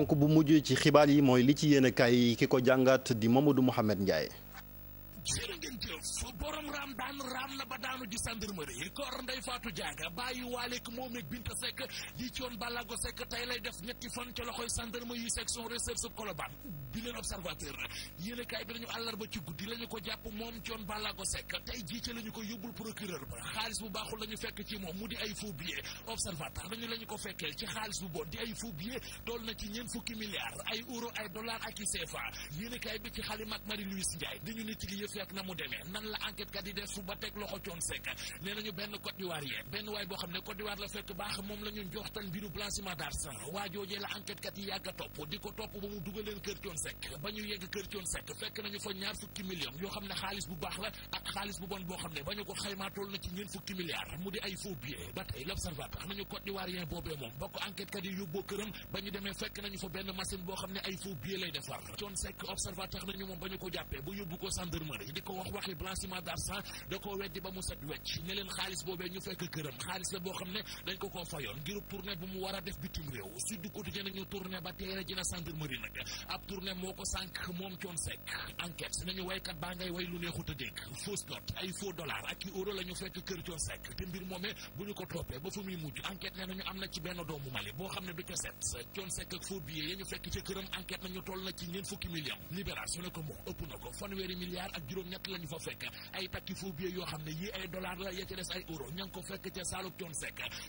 donc bu mujj ci xibaar yi mooy li ci yéen yi kaay ki ko jàngat di Mamadou Mouhamed Ndiaye. jërë ngeen jëf borom raam daan raam na ba daanu ji gendarmerie koor nday faatu jaaga bàyyi waaleek moom ak binta sekk yi coon bàllago sekk tey lay def ñetti fan ca loxoy gendarmerie yi section recherche sub Colobane bi leen observateur yéen kaay bi dañu àllarba ci guddi la ko jàpp moom coon bàllago sekk tey jii ca la ko yóbbul procureur ba xaalis bu baaxul la fekk ci moom mu di ay faux observateur dañu la ko fekkeel ci xaalis bu bon di ay dossier ak na mu demee nan la enquête kat yi def ba teg loxo coon sekk nee nañu benn Côte d'Ivoirien benn waay boo xam ne Côte d'Ivoire la fekk baax moom la ñu njoxtal mbiru blanchiment d'argent waa joojee la enquête kat yi yàgg topp di ko topp ba mu dugaleen kër coon fekk nañu fa ñaar fukki millions yoo xam ne xaalis bu baax la ak xaalis bu bon boo xam ne ba ñu ko xaymaa na ci ñeent fukki milliards mu di ay faux ba tey l'observateur nañu Côte Senghor di ko wax waxi blanchiment d'argent da koo weddi ba mu set wecc ne leen xaalis boobee ñu fekk këram xaalis la boo xam ne dañ ko koo fayoon ngir tournée bu mu war a def bitim réew Sud Quotidien nañu ko sànq moom coon sekk waykat baa ngay way lu neexut a dégg fausse note ay faux dollar ak i euro la fekk kër coon te mbir moomee bu ñu ko toppee ba fu muy mujj enquête ne nañu am na ci benn doomu Mali boo xam ne du ca set ak faux billet ya ñu fekk ca këram enquête na ci juróom-ñett lañu fa fekk ay takki faux billets yoo xam ne yii ay dollar la ya des ay euro ña ko fekk ca saalub coon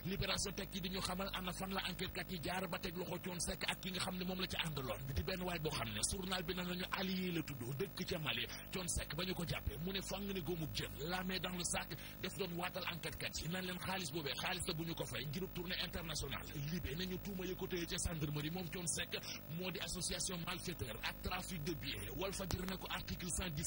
libération teg ci di ñu xamal ana fan la enquêtekat yi jaar ba teg loxo coon ak ki nga xam ne moom la ca àndaloon di benn waay boo xam ne journal bi na nañu allié la tudd dëkk ca Mali coon ba ñu ko jàppee mu ne fàng ne góomub jën la main dans le sac def doon waatal enquêtekat yi nan leen xaalis boobee xaalis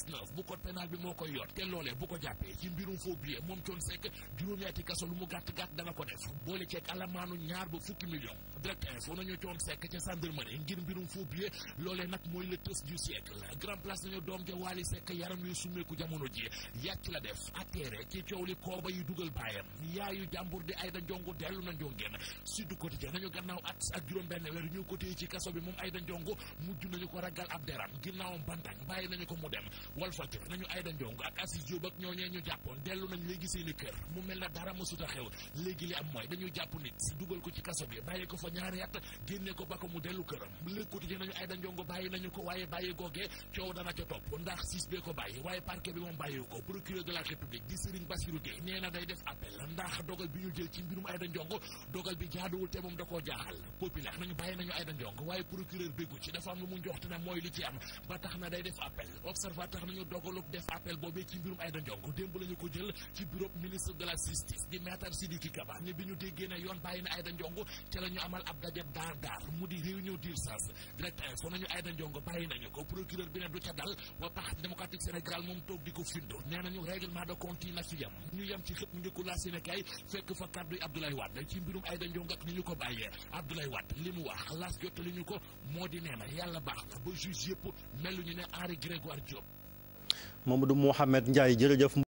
la bu ñu code pénal bi moo koy yor te loolee bu ko jàppee ci mbirum faux moom coon sekk juróom-ñetti kaso lu mu gàtt-gàtt dana ko def boole ceeg alamaanu ñaar ba fukki million direct info nañu coon sekk ca gendarmerie ngir mbirum faux billet loolee nag mooy le tës du siècle grand place nañu doom ja waali sekk yaram yu summeeku jamono ji yàcc la def atteere ci coow li kooba yu dugal baayam yaayu jàmbur di ay da njongu dellu na njongeen sud quotidien nañu gannaaw at ak benn weer ñu bi moom ay da njongu mujj nañu ko ragal ab deram ginnaawam bantañ bàyyi nañu ko mu dem walfa jëf nañu Aïda Ndiongue ak Assis Diop ak ñooñee ñu jàppoon dellu nañ léegi seeni kër mu mel na dara mësut a xew léegi li am mooy dañu jàpp nit si dugal ko ci kaso bi bàyyi ko fa ñaari at génne ko ba ko mu dellu këram Le Quotidien nañu Aïda Ndiongue bàyyi nañu ko waaye bàyyi googee coow dana ca topp ndax siis bee ko bàyyi waaye parquet bi moom bàyyi ko procureur de la République di Serigne Bassirou Gueye nee na day def appel ndax dogal bi ñu jël ci mbirum Aïda da koo jaaxal populaire nañu bàyyi dogalub def appel boobee ci mbirum Aïda Ndiongo démb la ñu ko jël ci bureau ministre na Aïda Ndiongo nañu Aïda Ndiongo bàyyi nañu ko procureur bi ne du ca dal waa parti démocratique Sénégal moom toog di ko findu nee nañu règlement de compte yi yem ñu yem ci xëpp njëkku laa Sénégal fekk fa kàddu yi Abdoulaye Wade ci mbirum Aïda Ndiongo ak ni ñu ko bàyyee Abdoulaye Wade li mu wax laas jottali ñu ko moo di nee yàlla baax na ba juge yëpp mel ñu ne Henri Grégoire Diop Mamadou Mouhamed Ndiaye jërëjëf.